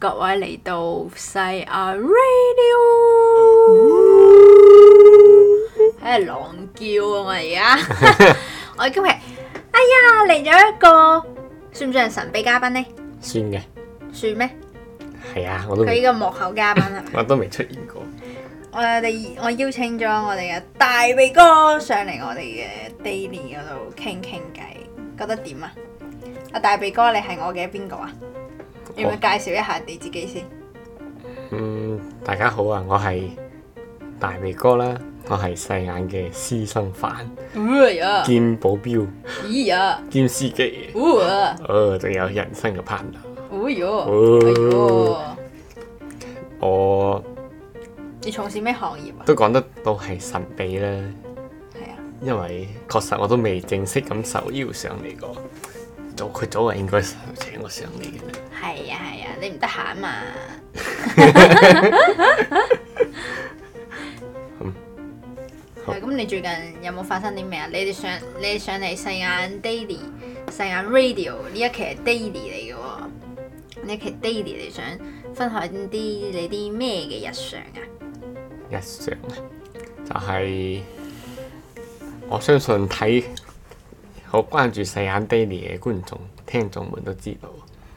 各位嚟到細眼 radio，喺度狼叫係咪啊？我而家，我今日哎呀嚟咗一個算唔算係神秘嘉賓咧？算嘅，算咩？係啊，我都佢呢個幕後嘉賓係咪？我都未出現過。我哋我邀請咗我哋嘅大鼻哥上嚟我哋嘅 daily 嗰度傾傾偈，覺得點啊？阿大鼻哥，你係我嘅邊個啊？你要唔要介紹一下你自己先？嗯，大家好啊，我係大鼻哥啦，我係細眼嘅私生飯，哦哎、兼保鏢，哎、呀兼司機，仲、哦啊哦、有人生嘅 partner？我你從事咩行業、啊？都講得到係神秘啦，係啊，因為確實我都未正式咁受邀上嚟過。佢早啊，應該請我上嚟。嘅。係啊係啊，你唔得閒啊嘛。咁， 你最近有冇發生啲咩啊？你哋上你上嚟細眼 Daily 細眼 radio 呢一期 Daily 嚟嘅喎，呢一期 Daily 你想分享啲你啲咩嘅日常啊？日常啊，就係、是、我相信睇。好關注《細眼 Daily》嘅觀眾、聽眾們都知道，佢、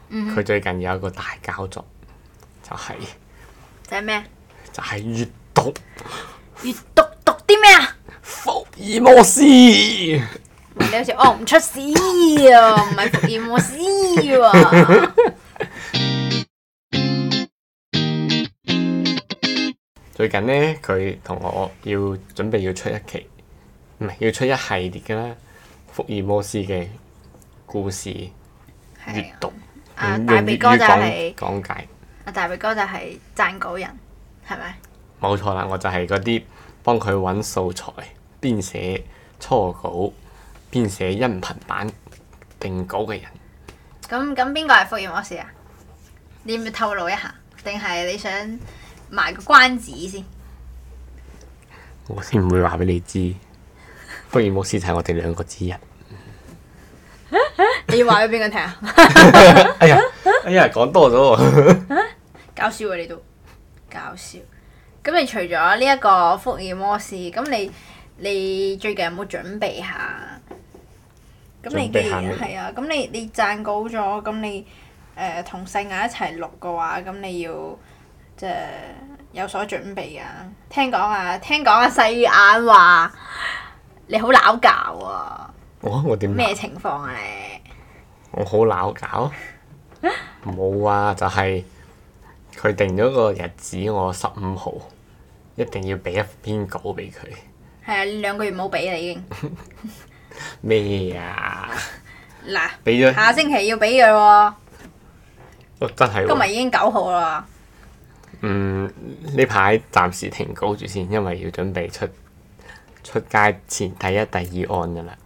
嗯、哼最近有一個大搞作，就係、是、就係咩？就係閱讀，閱讀讀啲咩啊？福爾摩斯，你好似 哦，唔出屎啊，唔係福爾摩斯、啊、 最近呢，佢同我要準備要出一期，唔係要出一系列嘅啦。福爾摩斯嘅故事閱讀，阿、啊越啊、大鼻哥就係講解，阿說、啊、大鼻哥就係撰稿人，係咪？冇錯啦，我就係嗰啲幫佢揾素材、邊寫初稿、邊寫音頻版定稿嘅人。咁咁邊個係福爾摩斯啊？你要唔要透露一下，定係你想埋個關子先？我先唔會話俾你知，福爾摩斯就係我哋兩個之一。你要話俾邊個聽啊？哎呀，哎呀，講多咗，搞笑啊！你都搞笑咁。你除咗呢一個福爾摩斯，咁你你最近有冇準備下？準備下係啊。咁你你撰稿咗，咁你誒同細眼一齊錄嘅話，咁你要即係有所準備啊。聽講啊，聽講啊，細眼話你好撈教啊！我我點咩情況啊？你？我好攪搞，冇 啊！就係佢定咗個日子，我十五號一定要俾一篇稿俾佢。係啊，兩個月冇俾啦，已經。咩 啊？嗱 來，俾咗了。下星期要俾佢喎。哦，真係、啊。今日已經九號啦。嗯，呢排暫時停稿住先，因為要準備出出街前第一、第二案噶啦。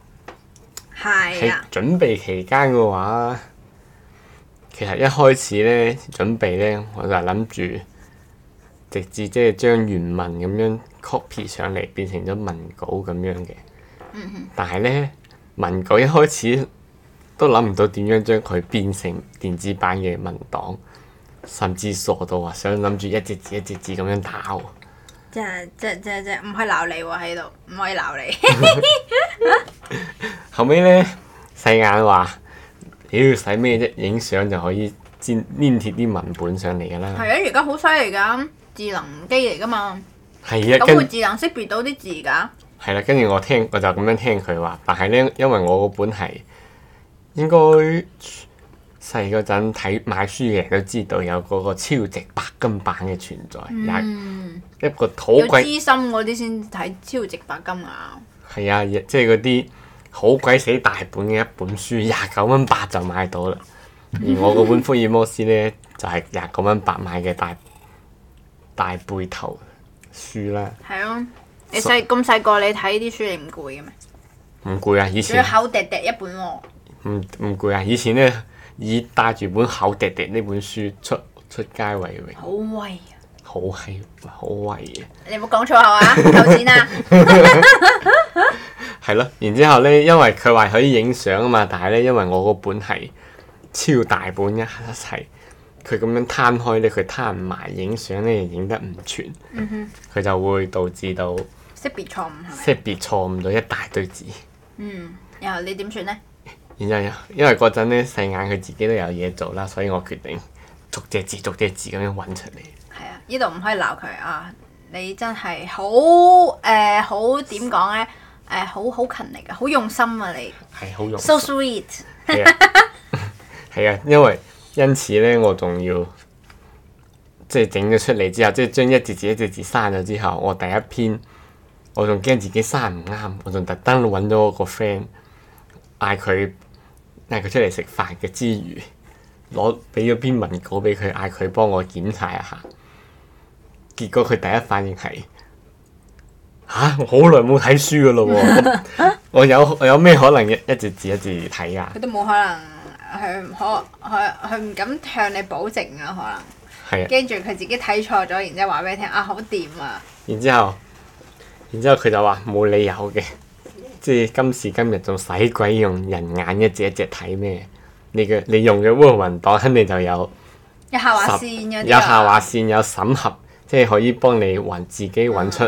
喺準備期間嘅話，其實一開始咧準備咧，我就諗住直接即係將原文咁樣 copy 上嚟，變成咗文稿咁樣嘅。但係咧，文稿一開始都諗唔到點樣將佢變成電子版嘅文檔，甚至傻到話想諗住一隻字一隻字咁樣打。即係即即即唔可以鬧你喎喺度，唔可以鬧你。後尾咧，細眼話：屌使咩啫？影相就可以粘粘貼啲文本上嚟噶啦。係啊，而家好犀利噶智能機嚟噶嘛。係啊，咁會智能識別到啲字噶。係啦，跟住我聽，我就咁樣聽佢話。但係咧，因為我嗰本係應該。細嗰陣睇買書嘅人都知道有嗰個超值白金版嘅存在，嗯、一個好貴資深嗰啲先睇超值白金啊！係啊，即係嗰啲好鬼死大本嘅一本書，廿九蚊八就買到啦。而我嗰本福爾摩斯呢，就係廿九蚊八買嘅大大背頭書啦。係 啊，你細咁細個你睇啲書你唔攰嘅咩？唔攰啊！以前要厚疊疊一本喎，啊。唔唔攰啊！以前呢。以帶住本厚疊疊呢本書出出街為榮，好威啊！好威，好威啊！你冇講錯嚇嘛？扣錢啊！係咯，然之後呢，因為佢話可以影相啊嘛，但係呢，因為我個本係超大本一一齊，佢咁樣攤開咧，佢攤唔埋影相咧，影得唔全。佢、嗯、 就會導致到識別錯誤，是是識別錯誤咗一大堆字。嗯，然後你點算呢？ 然之後因為嗰陣咧細眼佢自己都有嘢做啦，所以我決定逐隻字逐隻字咁樣揾出嚟。係啊，呢度唔可以鬧佢啊！你真係好誒、呃，好點講咧？誒、呃，好好勤力噶，好用心啊！你係好用心，so 心 sweet，係啊， 啊，因為因此咧，我仲要即係整咗出嚟之後，即、就、係、是、將一隻字，字一隻字刪咗之後，我第一篇我仲驚自己刪唔啱，我仲特登揾咗個 friend 嗌佢。嗌佢出嚟食飯嘅之餘，攞俾咗篇文稿俾佢，嗌佢幫我檢查一下。結果佢第一反應係：吓、啊？我好耐冇睇書嘅咯喎！我有我有咩可能一直字，字一字睇啊？佢都冇可能，佢唔可，佢佢唔敢向你保證啊！可能係跟住佢自己睇錯咗，然之後話俾你聽啊，好掂啊！然之後，然之後佢就話冇理由嘅。即今時今日仲使鬼用人眼一隻一隻睇咩？你嘅你用 Word 文檔肯定就有有下劃線有，這個，有下劃線有審核，即係可以幫你揾自己揾出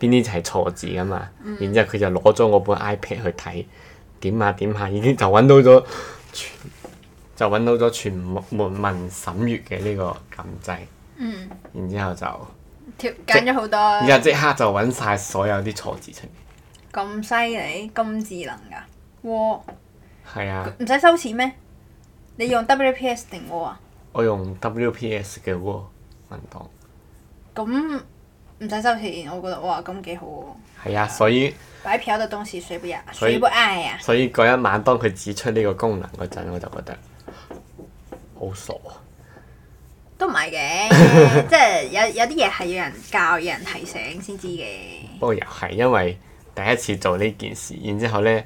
邊啲就係錯字噶嘛。嗯、然之後佢就攞咗我本 iPad 去睇，點下點下已經就揾到咗，就揾到咗全文，文審閱嘅呢個撳掣。嗯、然之後就揀咗好多，然之後即刻就揾晒所有啲錯字出。咁犀利，咁智能噶，喎，係啊，唔使收錢咩？你用 WPS 定喎啊？我用 WPS 嘅 Word 文檔，咁唔使收錢，我覺得哇，咁幾好啊！係啊，所以擺票喺度當是水杯以啊所，所以哎呀，所以嗰一晚當佢指出呢個功能嗰陣，我就覺得好傻啊，都唔係嘅，即係 有有啲嘢係要人教、有人提醒先知嘅。不過又係因為。第一次做呢件事，然之後呢，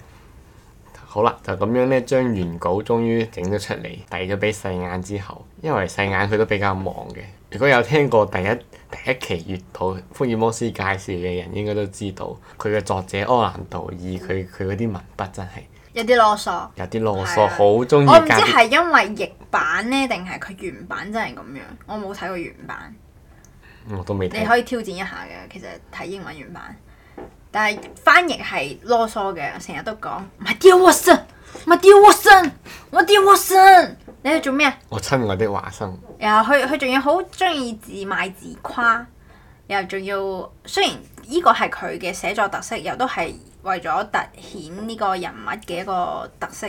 好啦，就咁樣呢，將原稿終於整咗出嚟，遞咗俾細眼之後，因為細眼佢都比較忙嘅。如果有聽過第一第一期粵讀《福爾摩斯》介紹嘅人，應該都知道佢嘅作者柯南道爾，佢佢嗰啲文筆真係有啲囉嗦，有啲囉嗦，好中意。喜我唔知係因為譯版呢定係佢原版真係咁樣。我冇睇過原版，我都未睇。你可以挑戰一下嘅，其實睇英文原版。但係翻譯係囉嗦嘅，成日都講，My dear Watson，My dear Watson，My dear Watson，你喺度做咩啊？我親愛的華生然自自。然後佢佢仲要好中意自賣自誇，然後仲要雖然呢個係佢嘅寫作特色，又都係為咗突顯呢個人物嘅一個特色，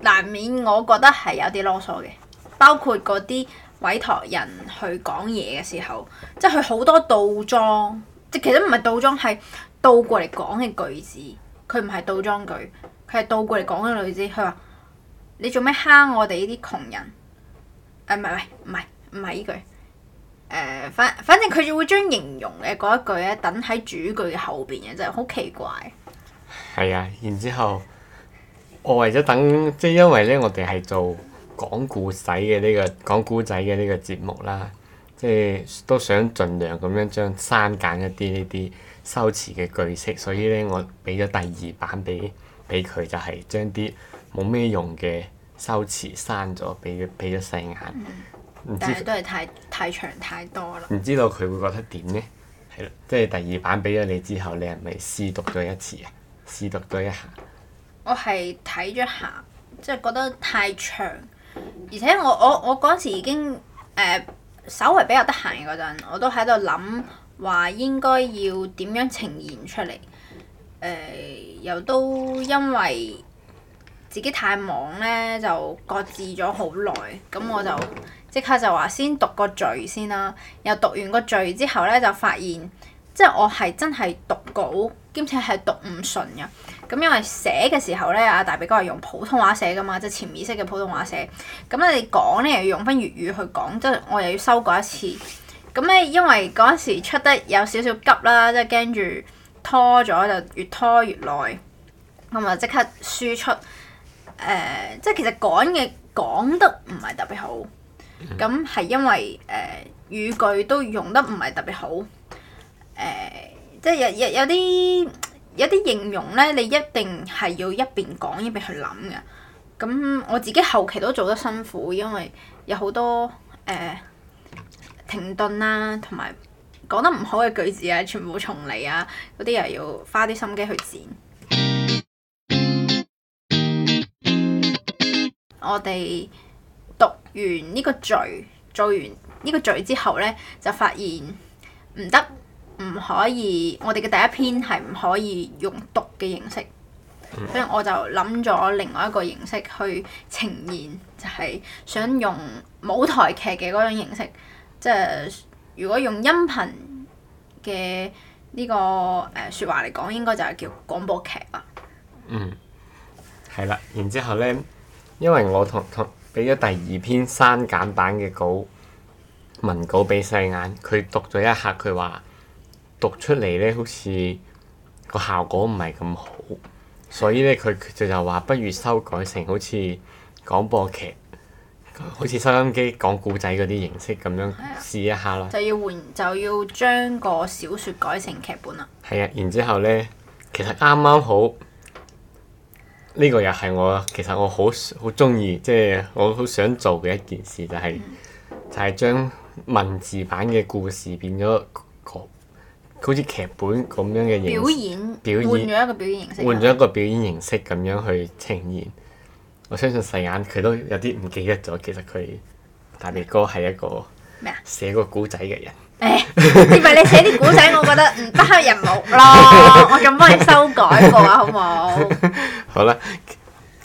難免我覺得係有啲囉嗦嘅。包括嗰啲委託人去講嘢嘅時候，即係佢好多倒裝，即其實唔係倒裝係。倒過嚟講嘅句子，佢唔係倒裝句，佢係倒過嚟講嘅句子。佢話：你做咩蝦我哋呢啲窮人？誒唔係唔係唔係唔係呢句。誒、呃、反反正佢就會將形容嘅嗰一句咧，等喺主句嘅後邊嘅，真係好奇怪。係啊，然之後，我為咗等，即係因為咧，我哋係做講故仔嘅呢個講故仔嘅呢個節目啦，即係都想盡量咁樣將刪減一啲呢啲。修辭嘅句式，所以咧我俾咗第二版俾俾佢，就係將啲冇咩用嘅修辭刪咗，俾俾咗細眼。嗯、但係都係太太長太多啦。唔知道佢會覺得點呢？係咯，即係第二版俾咗你之後，你係咪試讀咗一次啊？試讀咗一下。我係睇咗下，即係覺得太長，而且我我我嗰陣時已經誒、呃、稍為比較得閒嗰陣，我都喺度諗。話應該要點樣呈現出嚟？誒、呃，又都因為自己太忙咧，就擱置咗好耐。咁我就即刻就話先讀個序先啦。又讀完個序之後咧，就發現即係我係真係讀稿兼且係讀唔順呀。咁因為寫嘅時候咧，阿大鼻哥係用普通話寫㗎嘛，即係潛意識嘅普通話寫。咁你講咧又要用返粵語去講，即係我又要修改一次。咁咧、嗯，因為嗰陣時出得有少少急啦，即係驚住拖咗就越拖越耐，咁咪即刻輸出。誒、呃，即係其實講嘢講得唔係特別好，咁係、嗯哼嗯、因為誒、呃、語句都用得唔係特別好。誒、呃，即係有有啲有啲形容咧，你一定係要一邊講一邊去諗㗎。咁、嗯、我自己後期都做得辛苦，因為有好多誒。呃停頓啦、啊，同埋講得唔好嘅句子啊，全部重嚟啊，嗰啲又要花啲心機去剪。 我哋讀完呢個序，做完呢個序之後呢，就發現唔得，唔可以。我哋嘅第一篇係唔可以用讀嘅形式， 所以我就諗咗另外一個形式去呈現，就係、是、想用舞台劇嘅嗰種形式。即係如果用音頻嘅呢個誒説話嚟講，應該就係叫廣播劇啦。嗯，係啦。然之後咧，因為我同同俾咗第二篇刪減版嘅稿文稿俾細眼，佢讀咗一下，佢話讀出嚟咧好似個效果唔係咁好，所以咧佢就就話不如修改成好似廣播劇。好似收音機講故仔嗰啲形式咁樣，啊，試一下咯。就要換，就要將個小說改成劇本啊。係啊，然之後呢，其實啱啱好呢，呢個又係我，其實我好好中意，即係，就是，我好想做嘅一件事，就是，嗯，就係就係將文字版嘅故事變咗，好似劇本咁樣嘅形式。表演，表演，換咗一個表演形式。換咗一個表演形式，咁樣去呈現。我相信細眼佢都有啲唔記得咗。其實佢大鼻哥係一個咩啊？寫個古仔嘅人，你唔你寫啲古仔， 我覺得唔得人目咯。我咁幫你修改過，好唔好？ 好啦，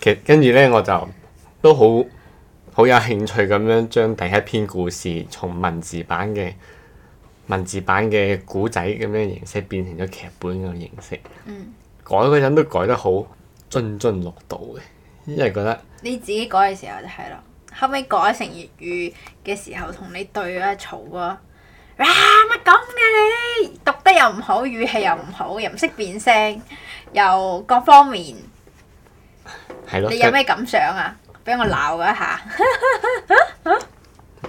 跟住呢，我就都好好有興趣咁樣將第一篇故事從文字版嘅文字版嘅古仔咁樣形式變成咗劇本嘅形式。嗯，改嗰陣都改得好津津樂道嘅。因為覺得你自己改嘅時候就係咯，後尾改成粵語嘅時候，同你對啊嘈啊，哇乜講咩你讀得又唔好，語氣又唔好，又唔識變聲，又各方面。係咯了。你有咩感想啊？俾、嗯、我鬧一下。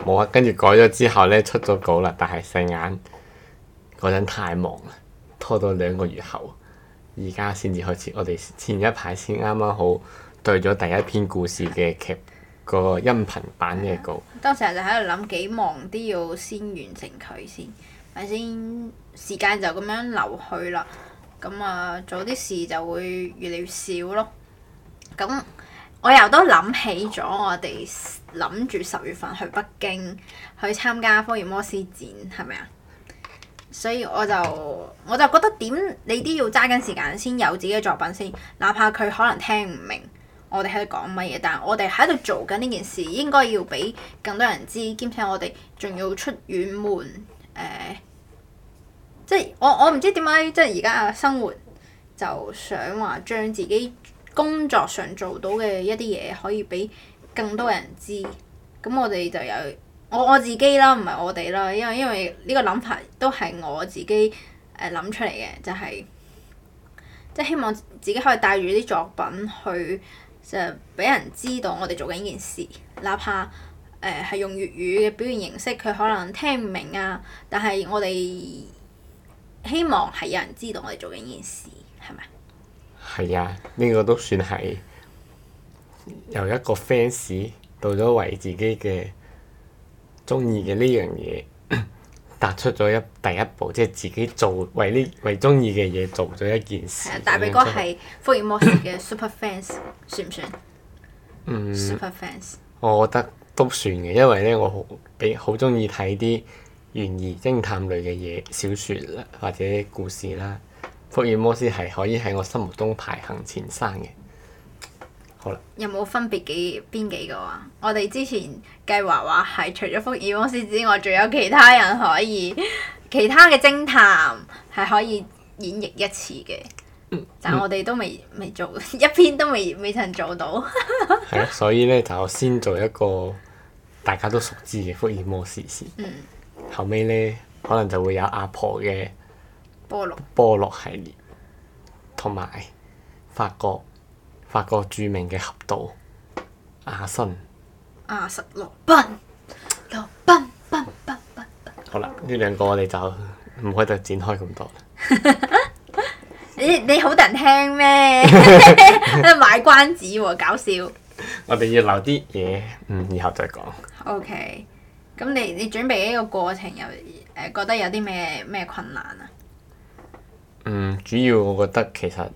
冇啊，跟住改咗之後咧，出咗稿啦，但係細眼嗰陣太忙啦，拖到兩個月後，而家先至開始。我哋前一排先啱啱好。對咗第一篇故事嘅劇、個音頻版嘅稿、嗯，當時就喺度諗幾忙都要先完成佢先，咪先時間就咁樣流去啦。咁啊，做啲事就會越嚟越少咯。咁我又都諗起咗，我哋諗住十月份去北京去參加福爾摩斯展，係咪啊？所以我就我就覺得點你都要揸緊時間先有自己嘅作品先，哪怕佢可能聽唔明。我哋喺度講乜嘢？但係我哋喺度做緊呢件事，應該要俾更多人知，兼且我哋仲要出遠門。誒、呃，即係我我唔知點解，即係而家嘅生活就想話將自己工作上做到嘅一啲嘢，可以俾更多人知。咁我哋就有我我自己啦，唔係我哋啦，因為因為呢個諗法都係我自己誒諗、呃、出嚟嘅，就係、是、即係希望自己可以帶住啲作品去。就係俾人知道我哋做緊呢件事，哪怕誒係、呃、用粵語嘅表現形式，佢可能聽唔明啊。但係我哋希望係有人知道我哋做緊呢件事，係咪？係啊，呢、呢個都算係由一個 fans 到咗為自己嘅鍾意嘅呢樣嘢。踏出咗一第一步，即係自己做，為呢，為中意嘅嘢做咗一件事。大鼻哥係福爾摩斯嘅 super fans 算唔算？ 嗯，super fans， 我覺得都算嘅，因為咧，我好比好中意睇啲懸疑偵探類嘅嘢小說啦，或者故事啦。福爾摩斯係可以喺我心目中排行前三嘅。有冇分別幾邊幾個啊？我哋之前計劃話係除咗福爾摩斯之外，仲有其他人可以其他嘅偵探係可以演繹一次嘅，嗯、但我哋都未未做，一篇都未未曾做到。 所以咧就先做一個大家都熟知嘅福爾摩斯先，嗯、後尾咧可能就會有阿婆嘅波洛波洛系列，同埋法國。八個著名嘅俠盜：亞信，亞、啊、十、羅賓、羅賓、賓賓賓。好啦，呢兩個我哋就唔可以再展開咁多 你。你你好得人聽咩？賣 關子喎、哦，搞笑。 我哋要留啲嘢，嗯，以後再講。O K，咁你你準備呢個過程又誒、呃、覺得有啲咩咩困難啊？嗯，主要我覺得其實。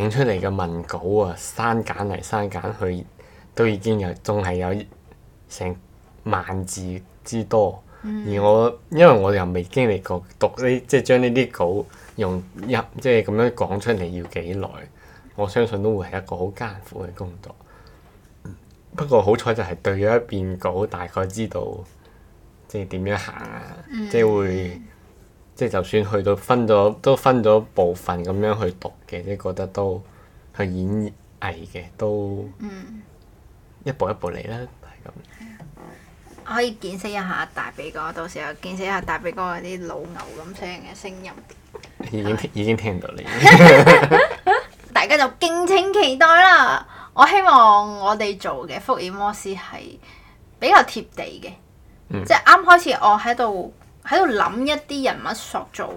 整出嚟嘅文稿啊，刪減嚟刪減去，都已經有仲係有成萬字之多。嗯、而我因為我又未經歷過讀呢，即係將呢啲稿用一，即係咁樣講出嚟要幾耐？我相信都會係一個好艱苦嘅工作。不過好彩就係對咗一遍稿，大概知道即係點樣行啊，嗯！即係會即係就算去到分咗都分咗部分咁樣去讀。嘅，即係覺得都係演藝嘅，都、嗯、一步一步嚟啦，係、就、咁、是。可以見識一下大鼻哥，到時候見識一下大鼻哥嗰啲老牛咁聲嘅聲音。已經 已經聽唔到你。 大家就敬請期待啦！我希望我哋做嘅福爾摩斯係比較貼地嘅，嗯、即係啱開始我喺度喺度諗一啲人物塑造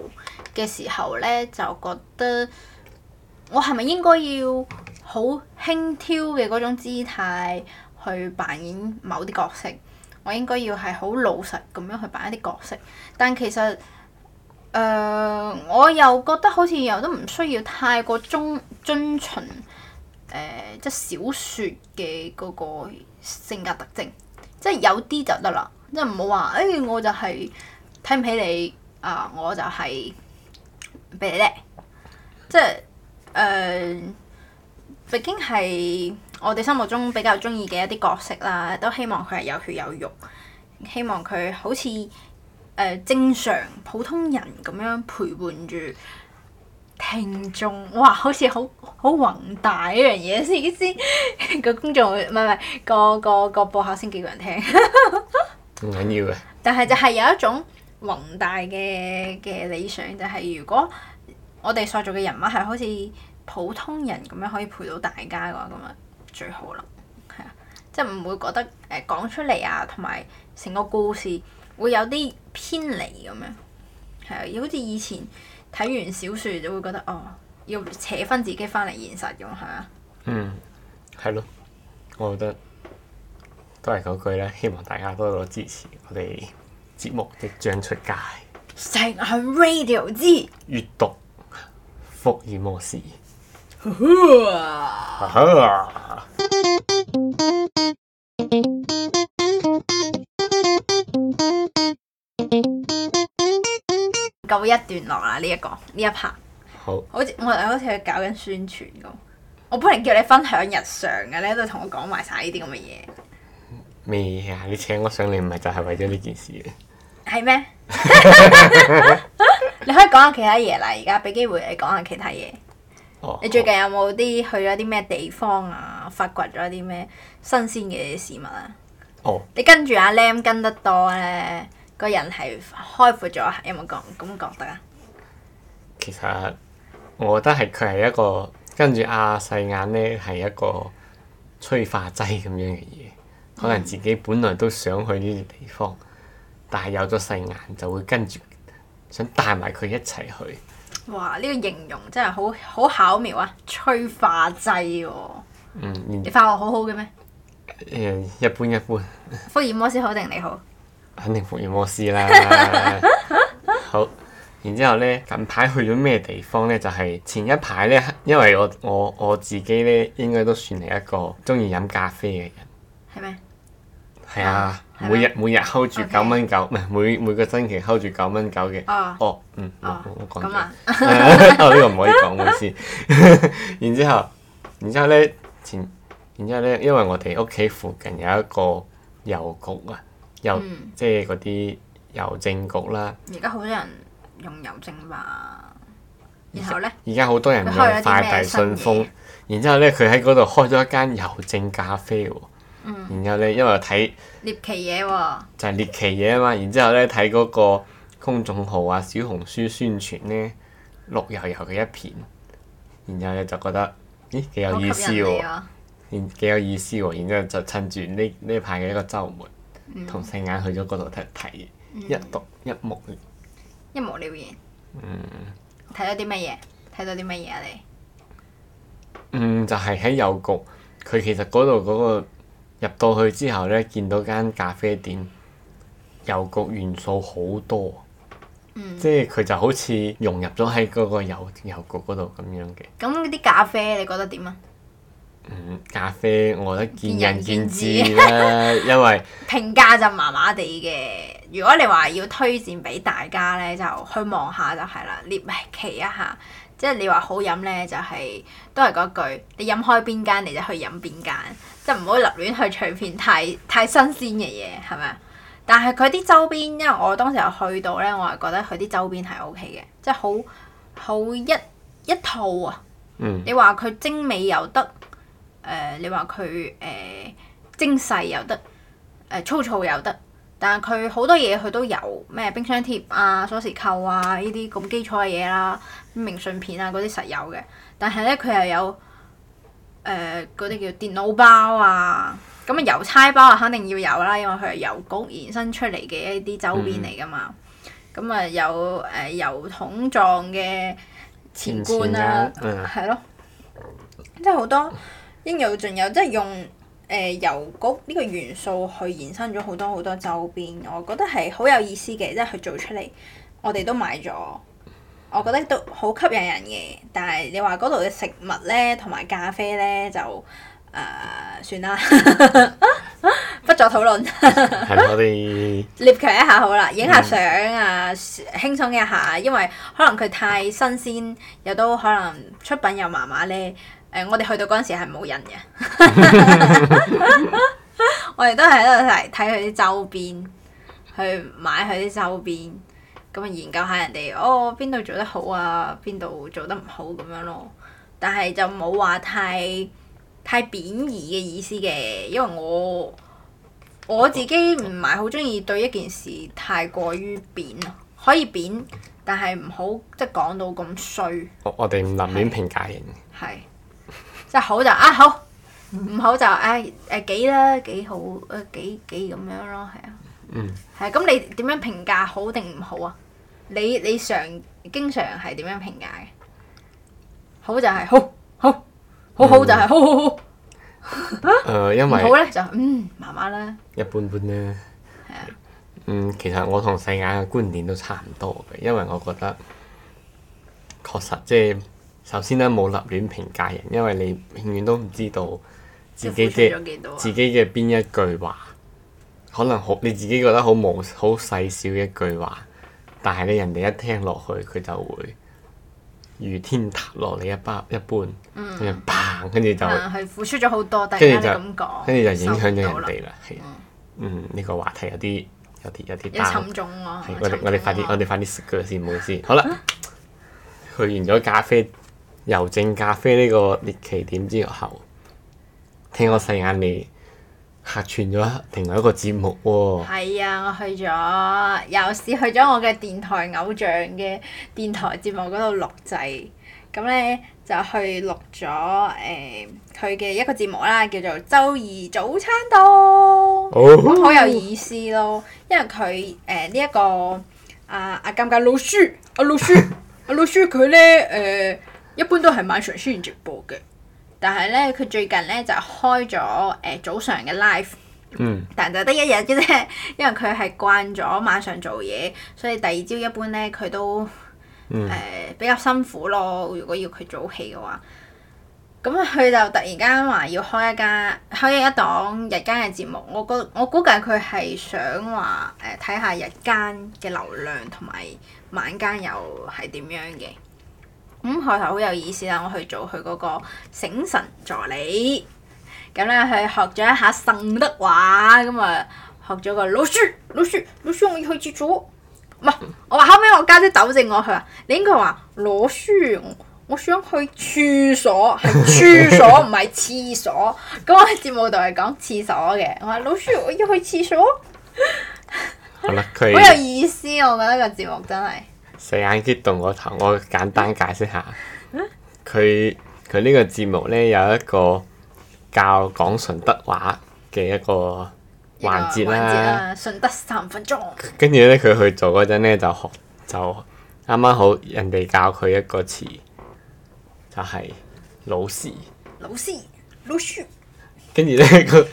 嘅時候呢，就覺得。我係咪應該要好輕佻嘅嗰種姿態去扮演某啲角色？我應該要係好老實咁樣去扮一啲角色，但其實誒、呃，我又覺得好似又都唔需要太過遵遵循誒，即係小說嘅嗰個性格特徵，即係有啲就得啦，即係唔好話誒，我就係睇唔起你啊、呃，我就係俾你叻。即係。誒，畢竟係我哋心目中比較中意嘅一啲角色啦，都希望佢係有血有肉，希望佢好似誒、uh，正常普通人咁樣陪伴住聽眾，哇！好似好好宏大一樣嘢先先，個 公眾唔係唔係個個個播客先叫人聽，唔緊要嘅。但係就係有一種宏大嘅嘅理想，就係、是、如果。我哋塑造嘅人物係好似普通人咁樣可以陪到大家嘅話，咁啊最好啦，係啊，即係唔會覺得誒講、呃、出嚟啊，同埋成個故事會有啲偏離咁樣，係啊，好似以前睇完小說就會覺得哦，要扯翻自己翻嚟現實咁啊，嗯，係咯，我覺得都係嗰句啦，希望大家多多支持我哋節目，即將出街，成日 radio 之閱讀。福爾摩斯，告、 啊、 一段落啦！呢、這個、一個呢一 part，好似我好似去搞緊宣傳咁。我本來叫你分享日常嘅咧，喺度同我講埋晒呢啲咁嘅嘢。咩嘢啊？你請我上嚟唔係就係為咗呢件事嘅？係咩是嗎？ 你可以講下其他嘢啦，而家俾機會你講下其他嘢。哦、你最近有冇啲去咗啲咩地方啊？發掘咗啲咩新鮮嘅事物啊？哦、你跟住阿 Lam 跟得多咧，個人係開闊咗，有冇講？咁覺得啊？其實我覺得係佢係一個跟住阿、啊、細眼咧，係一個催化劑咁樣嘅嘢。嗯、可能自己本來都想去呢啲地方，但係有咗細眼就會跟住。想帶埋佢一齊去。哇！呢個形容真係好好巧妙啊，催化劑喎、啊嗯。嗯，你化學好好嘅咩？誒、嗯，一般一般。福爾摩斯好定你好？肯定福爾摩斯啦。 好，然之後呢，近排去咗咩地方呢？就係、係、前一排呢，因為我我我自己呢應該都算係一個中意飲咖啡嘅人。係咪？係啊，每日每日 hold 住九蚊九，唔係每每個星期 hold 住九蚊九嘅。哦，嗯，我我講呢個唔可以講故事。然之後，然之後咧，前，然之後咧，因為我哋屋企附近有一個郵局啊，郵，即係嗰啲郵政局啦。而家好多人用郵政吧，然後呢，而家好多人用快遞、信封。然之後呢，佢喺嗰度開咗一間郵政咖啡喎。嗯、然後咧，因為睇獵奇嘢喎、哦，就係獵奇嘢啊嘛。然之後咧，睇嗰個公眾號啊、小紅書宣傳咧，綠油油嘅一片。然後咧就覺得咦，幾有意思喎、哦，幾有意思喎。然之後就趁住呢呢排嘅一個周末，同細、嗯、眼去咗嗰度睇一睇，一目一目了然。嗯。睇到啲乜嘢？睇到啲乜嘢啊？你？嗯，就係喺郵局，佢其實嗰度嗰個。入到去之後咧，見到間咖啡店，郵局元素好多，嗯、即係佢就好似融入咗喺嗰個郵郵局嗰度咁樣嘅。咁啲咖啡你覺得點啊？咖啡我覺得見仁見智啦，因為 評價就麻麻地嘅。如果你話要推薦俾大家咧，就去望下就係啦，獵奇一下。即係你話好飲咧，就係、是、都係嗰句，你飲開邊間，你就去飲邊間。即係唔好立亂去隨便太太新鮮嘅嘢，係咪啊？但係佢啲周邊，因為我當時去到呢，我係覺得佢啲周邊係 O K 嘅，即係好好一一套啊！嗯、你話佢精美又得，呃、你話佢誒精細又得、呃，粗糙又得，但係佢好多嘢佢都有咩冰箱貼啊、鎖匙扣啊呢啲咁基礎嘅嘢啦、明信片啊嗰啲實有嘅，但係呢，佢又有。誒嗰啲叫電腦包啊，咁啊郵差包啊，肯定要有啦，因為佢係郵局延伸出嚟嘅一啲周邊嚟㗎嘛。咁啊、嗯嗯、有誒、呃、郵筒狀嘅錢罐啦、啊，係、嗯、咯，即係好多應有盡有，即係用誒郵局呢個元素去延伸咗好多好多周邊，我覺得係好有意思嘅，即係佢做出嚟，我哋都買咗。我覺得都好吸引人嘅，但係你話嗰度嘅食物咧同埋咖啡咧就誒、呃、算啦， 不作討論。係 我哋 lift 起一下好啦，影下相啊，嗯、輕鬆一下，因為可能佢太新鮮，又都可能出品又麻麻咧。誒、呃，我哋去到嗰陣時係冇人嘅，我哋都係喺度睇睇佢啲周邊，去買佢啲周邊。咁研究下人哋哦，邊度做得好啊，邊度做得唔好咁樣咯。但係就冇話太太貶義嘅意思嘅，因為我我自己唔係好中意對一件事太過於貶啊，可以貶，但係唔好即係講到咁衰。我哋唔能亂評價人。係即係好就啊好，唔好就誒誒、啊啊、幾啦幾好誒、啊、幾幾咁樣咯，係啊。嗯。係咁你點樣評價好定唔好啊？你你常經常係點樣評價嘅？好就係好，好，好好就係好好好。啊 、呃？因為好咧就嗯，麻麻啦，一般般啦。係啊，嗯，其實我同細眼嘅觀點都差唔多嘅，因為我覺得確實即係首先咧冇立亂評價人，因為你永遠都唔知道自己嘅、啊、自己嘅邊一句話，可能好你自己覺得好冇好細小嘅一句話。但係咧，人哋一聽落去，佢就會如天塌落嚟一包一般，跟住、嗯、砰，跟住就、嗯、付出咗好多，跟住就，就影響咗人哋啦、嗯。嗯、呢、這個話題有啲有啲有啲沉重咯、啊的啊。我哋、啊、我哋快啲我哋快啲食佢先，唔好意思。好啦，嗯、去完咗咖啡郵政咖，咖啡呢個獵奇點之後，聽我細眼你客串咗另外一個節目喎。係、哦、啊，我去咗，又試去咗我嘅電台偶像嘅電台節目嗰度錄製。咁呢，就去錄咗誒佢嘅一個節目啦，叫做周二早餐檔。好，oh. 有意思咯。因為佢誒呢一個啊啊，尷卵尬老師，阿老師，阿老師佢呢誒一般都係晚上先直播嘅。但係咧，佢最近咧就開咗誒、呃、早上嘅 live，嗯、但就得一日啫，因為佢係慣咗晚上做嘢，所以第二朝一般咧佢都誒、呃、比較辛苦咯。如果要佢早起嘅話，咁佢就突然間話要開一間開一檔日間嘅節目，我估我估計佢係想話誒睇下日間嘅流量同埋晚間又係點樣嘅。咁開頭好有意思啦，我去做佢嗰個醒晨助理，咁、嗯、咧去學咗一下順德話，咁啊學咗個老師，老師，老師我要去廁所，唔係我話，後尾我家姐糾正我，佢話你應該話老師，我想去廁所，係廁所唔係廁所，咁我喺節目度係講廁所嘅，我話老師我要去廁所， 好好有意思，我覺得個節目真係。細眼激動個頭，我簡單解釋下。佢佢呢個節目呢，有一個教講順德話嘅一個環節啦。環節啦，順德三分鐘。跟住呢，佢去做嗰陣呢，就學，就啱啱好，人哋教佢一個詞，就係、是、老，老師。老師，老師。跟住呢，個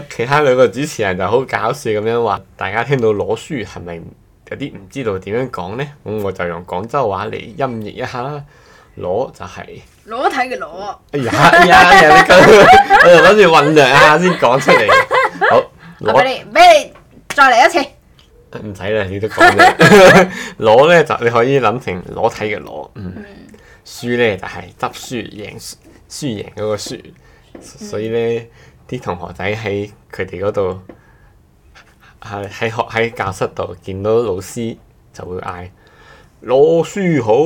個其他兩個主持人就好搞笑咁樣話，大家聽到攞書係咪？是有啲唔知道點樣講呢？咁我就用廣州話嚟音譯一下啦。攞就係攞睇嘅攞。哎呀，哎呀，你 我就諗住醞釀一下先講出嚟。好，俾你俾你再嚟一次。唔使啦，你都講咗。攞 呢，就你可以諗成攞睇嘅攞。嗯。嗯，輸呢就係、是、執輸贏輸，輸贏嗰個輸。嗯、所以呢，啲同學仔喺佢哋嗰度。喺喺學喺教室度見到老師就會嗌攞書好，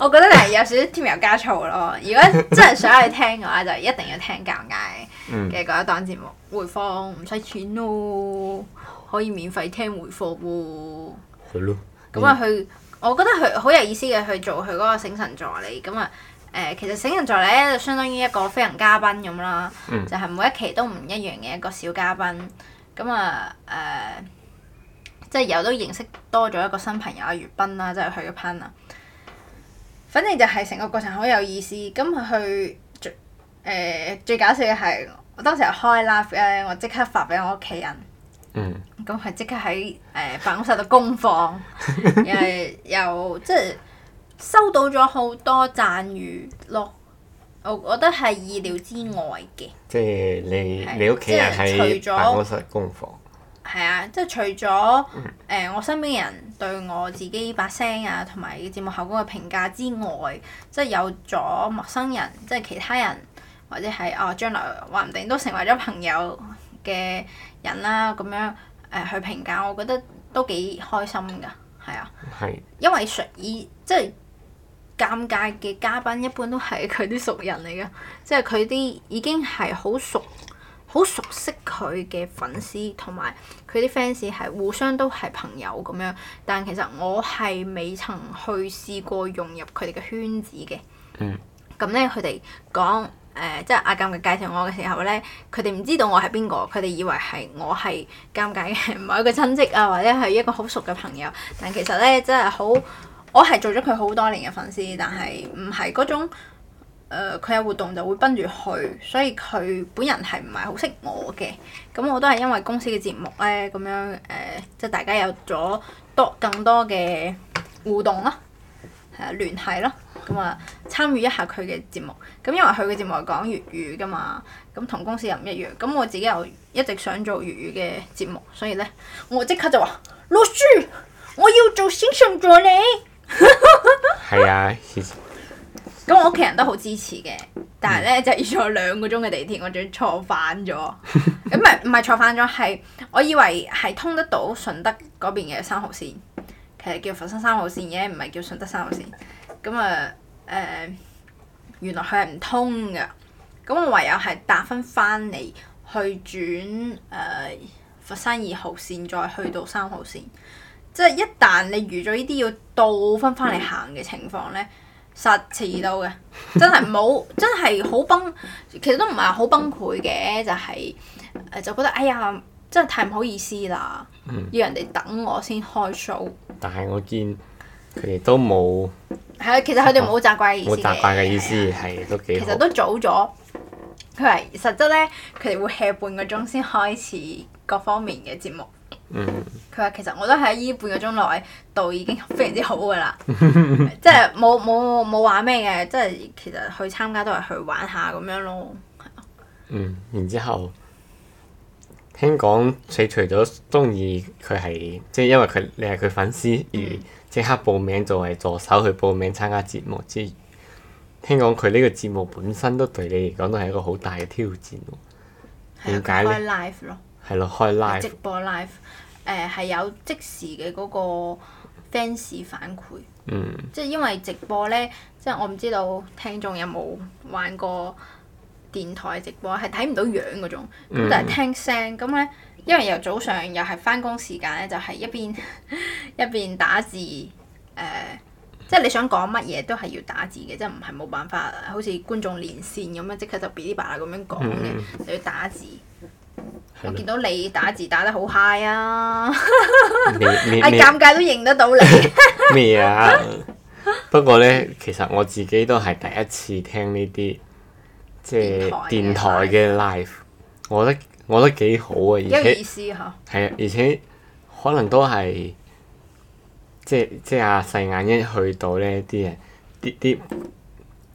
我覺得你有少少添油加醋咯。如果真係想去聽嘅話，就一定要聽教界嘅嗰一檔節目回放，唔使錢咯，可以免費聽回放喎。係咯，咁啊佢，嗯、我覺得佢好有意思嘅去做佢嗰個醒晨助理。咁啊誒，其實醒晨助理就相當於一個飛行嘉賓咁啦，嗯、就係每一期都唔一樣嘅一個小嘉賓。咁啊，誒、呃，即係又都認識多咗一個新朋友啊，月斌啦，即係去咗 panel。反正就係成個過程好有意思。咁佢去最誒、呃、最搞笑嘅係，我當時係開 live 咧，我即刻發俾我屋企人。咁係即刻喺誒、呃、辦公室度公放， 又係又即係收到咗好多讚譽咯。我覺得係意料之外嘅。即係你是你屋企人喺辦公室公放。啊，即係除咗誒、嗯呃、我身邊人對我自己把聲啊，同埋節目效果嘅評價之外，即係有咗陌生人，即係其他人或者係哦將來話唔定都成為咗朋友嘅人啦、啊，咁樣誒、呃、去評價，我覺得都幾開心㗎，係啊，是因為熟耳即係。尷尬嘅嘉賓一般都係佢啲熟人嚟嘅，即係佢啲已經係好熟、好熟悉佢嘅粉絲同埋佢啲 fans 係互相都係朋友咁樣。但其實我係未曾去試過融入佢哋嘅圈子嘅。嗯，咁咧佢哋講誒，即係阿鑑嘅介紹我嘅時候咧，佢哋唔知道我係邊個，佢哋以為係我係尷尬嘅某一個親戚啊，或者係一個好熟嘅朋友。但其實咧真係好。我係做咗佢好多年嘅粉絲，但係唔係嗰種誒，佢、呃、有活動就會奔住去，所以佢本人係唔係好識我嘅。咁我都係因為公司嘅節目咧，咁樣誒、呃，即係大家有咗多更多嘅互動啦，誒，聯繫咯。咁啊，參與一下佢嘅節目。咁因為佢嘅節目係講粵語噶嘛，咁同公司又唔一樣。咁我自己又一直想做粵語嘅節目，所以咧，我即刻就話老師，我要做先上助理。」係啊，咁我屋企人都好支持嘅，但係咧就要坐兩個鐘嘅地鐵，我仲要坐翻咗，咁唔係唔係坐翻咗，係我以為係通得到順德嗰邊嘅三號綫，其實叫佛山三號綫嘅，唔係叫順德三號綫，咁啊誒、呃，原來佢係唔通嘅，咁我唯有係搭翻翻嚟去轉誒、呃、佛山二號綫，再去到三號綫。即係一旦你預咗呢啲要倒翻翻嚟行嘅情況咧，實遲到嘅，真係唔好， 真係好崩，其實都唔係好崩潰嘅，就係、是、誒，就覺得哎呀，真係太唔好意思啦，嗯、要人哋等我先開 show，但係我見佢哋都冇，係啊，其實佢哋冇責怪嘅意思，冇責怪嘅意思，係都幾，的其實都早咗。佢係實，實質咧，佢哋會 hea 半個鐘先開始各方面嘅節目。嗯，佢話：其實我都喺依半個鐘內度已經非常之好嘅啦 即係冇冇冇冇話咩嘅，即係其實去參加都係去玩下咁樣咯。嗯，然之後聽講佢除咗中意佢係，即係、就是、因為佢你係佢粉絲而即刻報名作為助手去報名參加節目之餘，嗯、聽講佢呢個節目本身都對你嚟講都係一個好大嘅挑戰喎。係開 live 咯。係咯，開 live 直播 live，誒、呃、係有即時嘅嗰個 fans 反饋，嗯，即係因為直播咧，即係我唔知道聽眾有冇玩過電台直播，係睇唔到樣嗰種，咁就係聽聲，咁、嗯、咧因為由早上又係翻工時間咧，就係、是、一邊 一邊打字，誒、呃，即係你想講乜嘢都係要打字嘅，即係唔係冇辦法好似觀眾連線咁樣即刻就噼里啪啦咁樣講嘅，你、嗯、要打字。我見到你打字打得好嗨啊，係、 哎、尷尬都認得到你。咩 啊？不過呢，其實我自己都係第一次聽呢啲即係電台嘅 live，我覺得我覺得幾好啊，有意思吓。係啊，而且可能都係即係即係阿細眼一去到呢啲人。啲啲。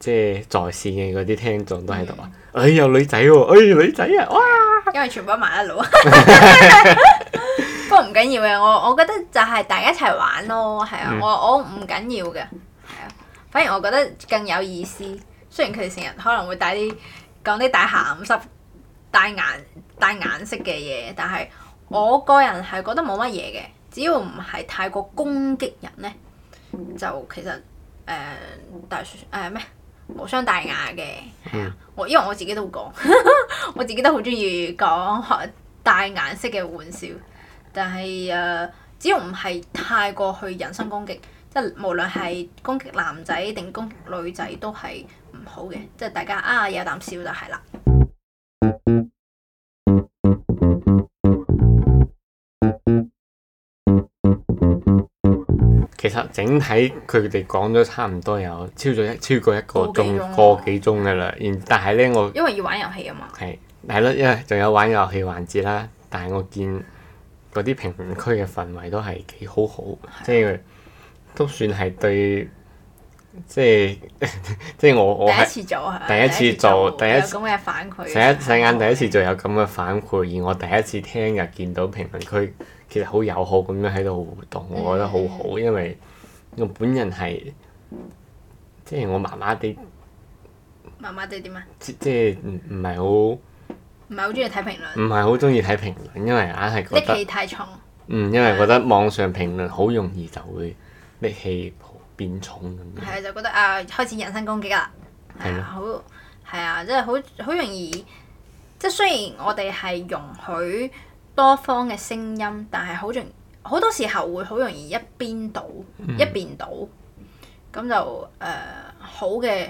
即係在線嘅嗰啲聽眾都喺度啊！哎，有女仔喎、哦，哎，女仔啊，哇！因為全部埋一路，不過唔緊要嘅。我我覺得就係大家一齊玩咯，係啊，嗯、我我唔緊要嘅，係啊，反而我覺得更有意思。雖然佢哋成日可能會帶啲講啲帶鹹濕、帶顏帶顏色嘅嘢，但係我個人係覺得冇乜嘢嘅，只要唔係太過攻擊人咧，就其實誒、呃、大説誒咩？呃無傷大雅嘅，係啊、嗯，我因為我自己都講， 我自己都好中意講吓帶顏色嘅玩笑，但係誒、呃，只要唔係太過去人身攻擊，即、就、係、是、無論係攻擊男仔定攻擊女仔都係唔好嘅，即、就、係、是、大家啊有膽笑就係啦。其實整體佢哋講咗差唔多有超咗一超過一個鐘個幾鐘嘅啦，然但係呢，我因為要玩遊戲啊嘛係係咯，因為仲有玩遊戲環節啦。但係我見嗰啲評論區嘅氛圍都係幾好好，的即係都算係對，即係 即係我我第一次做、啊、第一次咁嘅反饋、啊。第一細眼第一次就有咁嘅反饋，Okay. 而我第一次聽就見到評論區。其實好友好咁樣喺度互動，我覺得好好，嗯、因為我本人係即係我麻麻哋麻麻哋點啊？即即唔唔係好唔係好鍾意睇評論，唔係好鍾意睇評論，因為硬係戾氣太重。嗯，因為覺得網上評論好容易就會戾氣變重咁樣。係啊，就覺得啊，開始人身攻擊啦。係啊，好係啊，即係好好容易。即雖然我哋係容許，多方嘅聲音，但係好容好多時候會好容易一邊倒，嗯、一邊倒咁就誒、呃、好嘅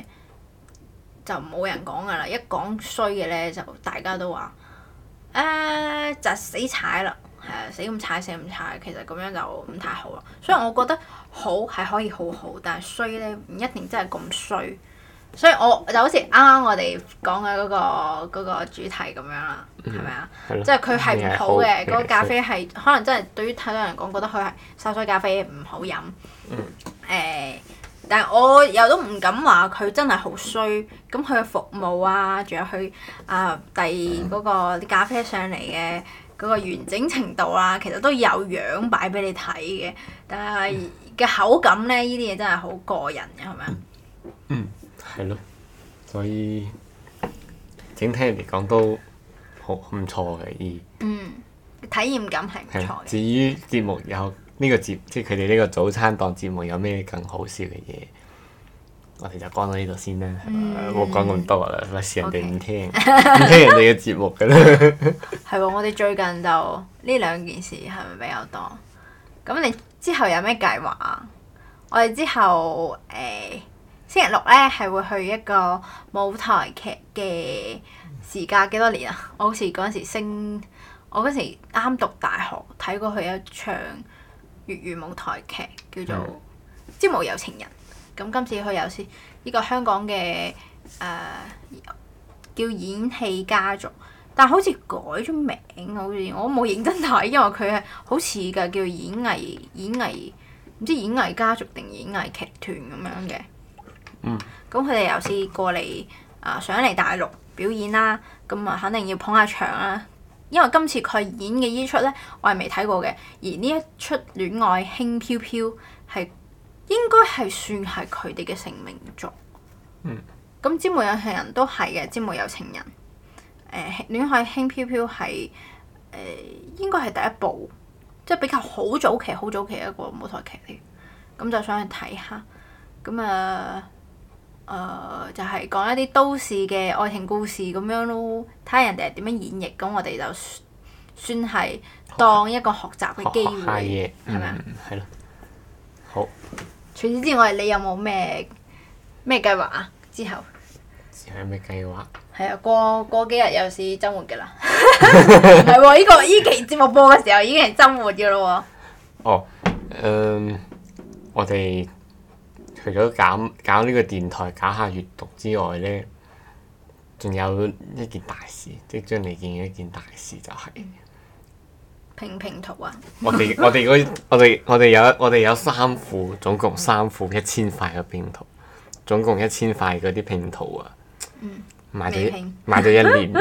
就冇人講㗎啦。一講衰嘅呢，就大家都話誒窒死踩啦，係、呃、啊，死咁踩，死咁踩，其實咁樣就唔太好啦。所以我覺得好係可以好好，但係衰呢，唔一定真係咁衰。所以我就好似啱啱我哋講嘅嗰個嗰個主題咁樣啦，係咪啊？吧嗯、即係佢係唔好嘅嗰的咖啡係，以可能真係對於太多人講覺得佢係手沖咖啡唔好飲。嗯。欸、但係我又都唔敢話佢真係好衰。咁佢嘅服務啊，仲有佢啊第嗰個啲咖啡上嚟嘅嗰個完整程度啊，其實都有樣擺俾你睇嘅。但係嘅、嗯、口感咧，呢啲嘢真係好個人嘅，係咪啊？嗯。係咯，所以整體嚟講都好唔錯嘅。而嗯，體驗感係唔錯嘅。至於節目有呢、這個節，即係佢哋呢個早餐檔節目有咩更好笑嘅嘢，我哋就講到呢度先啦。唔好講咁多啦，費事、嗯、人哋唔聽，唔 Okay. 聽人哋嘅節目㗎喇。係 喎、啊，我哋最近就呢兩件事係咪比較多？咁你之後有咩計劃啊？我哋之後誒。欸星期六咧係會去一個舞台劇嘅，時間幾多年啊？ 我好似嗰陣時升，我嗰時啱讀大學睇過佢一場粵語舞台劇叫做《朝暮有情人》。咁、嗯、今次去有時呢個香港嘅誒、呃、叫演戲家族，但係好似改咗名，好似我冇認真睇，因為佢係好似嘅叫演藝演藝，唔知演藝家族定演藝劇團咁樣嘅。嗯，咁佢哋又試過嚟啊、呃、上嚟大陸表演啦，咁、嗯、啊肯定要捧下場啦。因為今次佢演嘅依出呢，我係未睇過嘅。而呢一出、嗯嗯呃《戀愛輕飄飄》係、呃、應該係算係佢哋嘅成名作。嗯，咁《朝暮有情人》都係嘅，《朝暮有情人》誒《戀愛輕飄飄》係誒應該係第一部，即、就、係、是、比較好早期、好早期一個舞台劇嚟嘅。咁就想去睇下，咁、嗯、啊～、呃誒、呃，就係、是、講一啲都市嘅愛情故事咁樣咯，睇人哋點樣演繹，咁我哋就算係當一個學習嘅機會，係咪啊？係咯吧、嗯，好。除此之外，你有冇咩咩計劃啊？之後有咩計劃？係啊，過過幾日又是周末噶啦，係喎、啊。呢、這個呢期節目播嘅時候已經係周末噶咯喎。哦、oh, um,，誒，我哋。除咗搞搞呢個電台搞下閲讀之外呢，仲有一件大事，即將嚟嘅一件大事就係拼拼圖啊！我哋我哋嗰我哋我哋有我哋有三副，總共三副一千塊嘅拼圖，總共一千塊嗰啲拼圖啊！嗯，買咗了平買咗一年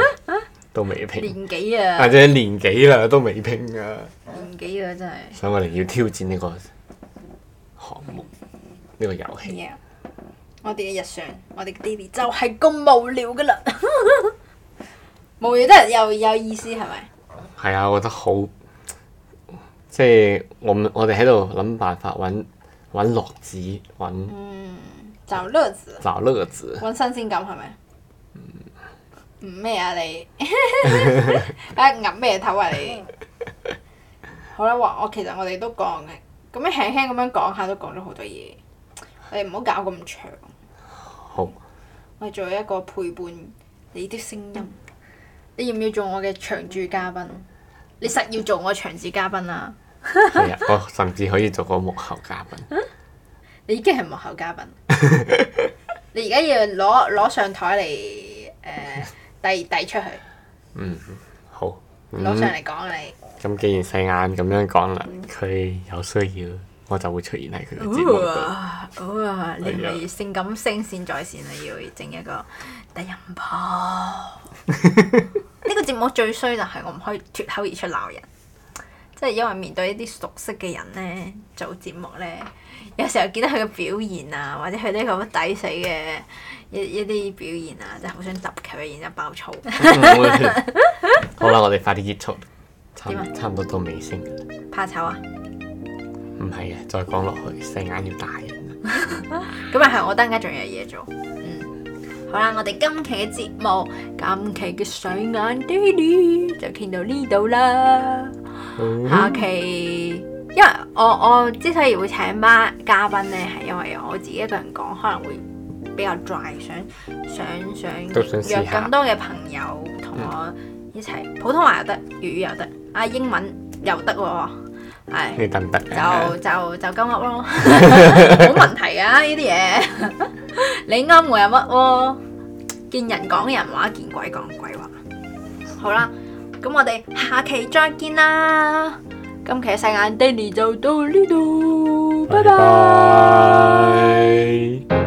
都未拼，年幾啊？或者年幾啦，啊，都未拼啊！年幾啊？真係，所以我哋要挑戰呢個項目。呢個遊戲，yeah. 我哋嘅日常，我哋嘅爹哋就係咁無聊噶啦， 無聊得又有意思係咪？係啊，yeah, 我覺得好，即係我我哋喺度諗辦法揾揾樂子，揾嗯，找樂子，找樂子，揾新鮮感係咪？唔咩、嗯、啊你？ 啊咩頭啊你？ 好啦、啊，我其實我哋都講嘅，咁樣輕輕咁樣講下都講咗好多嘢。你唔好搞咁長。好。我係做一個陪伴你的聲音。嗯、你要唔要做我嘅常駐嘉賓？你實要做我常駐嘉賓啦、啊。啊， 我甚至可以做個幕後嘉賓。 你已經係幕後嘉賓。 你而家要攞攞上台嚟誒遞遞出去。嗯，好。攞、嗯、上嚟講你。咁、嗯、既然細眼咁樣講啦，佢、嗯、有需要。我就會出現喺佢個節目度。哇！你咪性感聲線在線啊，要整一個低音炮。呢 個節目最衰就係我唔可以脫口而出鬧人，即係因為面對一啲熟悉嘅人咧做節目咧，有時候見到佢嘅表現啊，或者佢呢個乜抵死嘅一一啲表現啊，真係好想插佢，然後爆粗。好啦，我哋快啲結束，差差唔多到尾聲。怕醜啊！唔係嘅，再講落去，細眼要大。咁又係，我等陣間仲有嘢做。嗯，好啦，我哋今期嘅節目，今期嘅細眼 Daily 就聽到呢度啦。下期，嗯哼啊，因為我我，我之所以會請孖嘉賓咧，係因為我自己一個人講可能會比較 dry，想想想，想約更多嘅朋友同我一齊，嗯、普通話又得，粵語又得，啊英文又得喎。係，就就就咁啱咯，冇問題啊！呢啲嘢，你啱我有乜喎？見人講人話，見鬼講鬼話。好啦，咁我哋下期再見啦！今期細眼 Daily 就到呢度，拜拜。